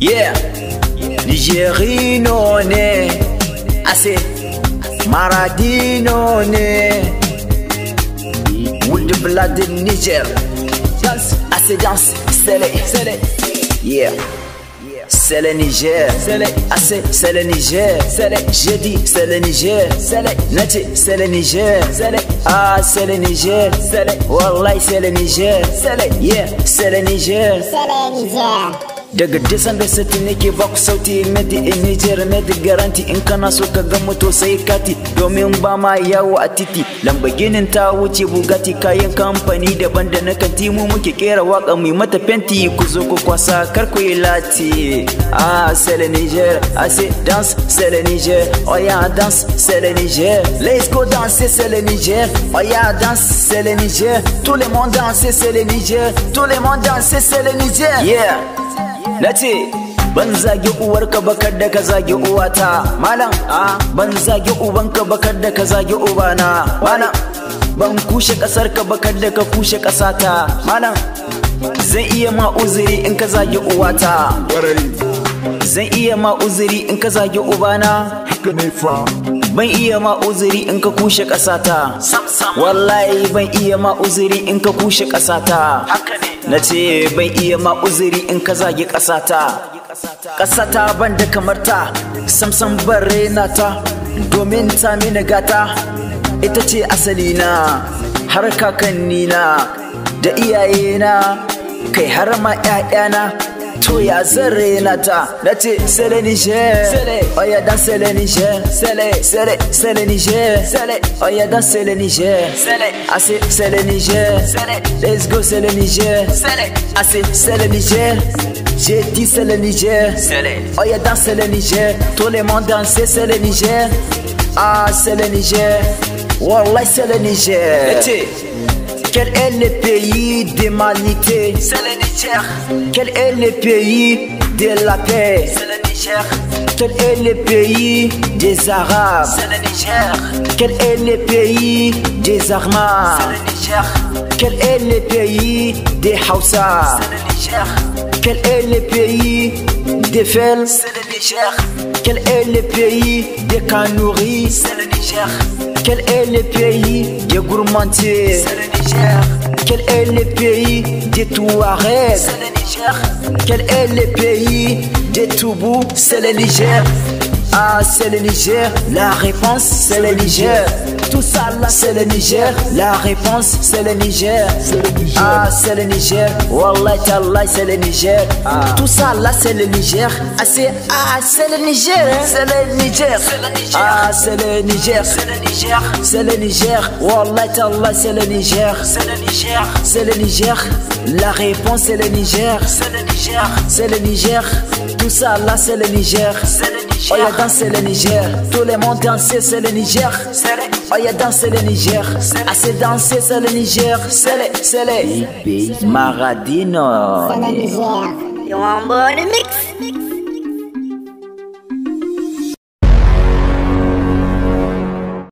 Yeah, Nigérie non est assez. blood Niger? Dance, assez danse, c'est le, Yeah. C'est le Niger, c'est le assez c'est le Niger, c'est le Jeudi, c'est le Niger, c'est le Nati, c'est le Niger, c'est le Ah, c'est le Niger, c'est le Wallahi, c'est le Niger, c'est le Yeah, c'est le Niger, c'est le Niger. daga december da sati nake baku sauti medi in niger medi garanti in kana so ka ga moto sai kati domin ba ma yawo a titi lambaginin ta wuce bugatti kayan kamfani daban da na kanti mu muke kera waka mai mata fenti ku zo ku kwasa kar ku yi lati ah sele niger i ah, say danse sele niger oh yeah danse sele niger let's go dance sele niger oh yeah danse sele niger tout le monde danser sele niger tout le monde danser sele niger yeah na ce ban zagi uwarka bakar da ka zagi uwata malam a ban zagi ubanka bakar da ka zagi ubana malam ban kushe kasar ka bakar da ka kushe ta. malam zan iya ma uzuri in ka zagi uwata zan iya ma uzuri in ka zagi ubana ban iya ma uzuri in ka kushe kasata wallahi ban iya ma uzuri in ka kushe kasata haka ne na ce bai iya ma uzuri in ka zagi ƙasata ƙasata ban da kamar ta samsam bar rena ta domin ta mini gata ita ce asalina na har kakanni na da iyayena kai har ma 'ya'yana Toya c'est le Nati c'est le Niger Oya le Niger c'est le Niger Oya le Niger c'est le Niger Let's go c'est le Niger c'est le Niger j'ai dit c'est le Niger, le Niger, tout le monde c'est le Niger, ah c'est le Niger, Wallah c'est le Niger. Quel est le pays d'humanité C'est le Niger. Quel est le pays de la paix C'est le Niger. Quel est le pays des Arabes C'est le Niger. Quel est le pays des Armas C'est le Niger. Quel est le pays des Hausa C'est le Niger. Quel est le pays des Fels C'est le Niger. Quel est le pays des Kanouris C'est le Niger. Quel est le pays des Niger. Quel est le pays des Touaregs Quel est le pays des Toubous C'est le Niger ah, c'est le Niger, la réponse, c'est le Niger. Tout ça là, c'est le Niger, la réponse, c'est le Niger. Ah, c'est le Niger, Wallah, Allah c'est le Niger. Tout ça là, c'est le Niger. Ah, c'est ah, c'est le Niger, c'est le Niger. Ah, c'est le Niger, c'est le Niger, c'est le Niger. Wallah, c'est le Niger, c'est le Niger, c'est le Niger. La réponse, c'est le Niger, c'est le Niger, c'est le Niger. Tout ça là, c'est le Niger, c'est le Niger. C'est le Niger. Tout le monde danser, c'est le Niger. Oya danser le Niger. Assez danser, c'est le Niger. C'est le, c'est le. Maradino. C'est le Niger. Ils un bon mix.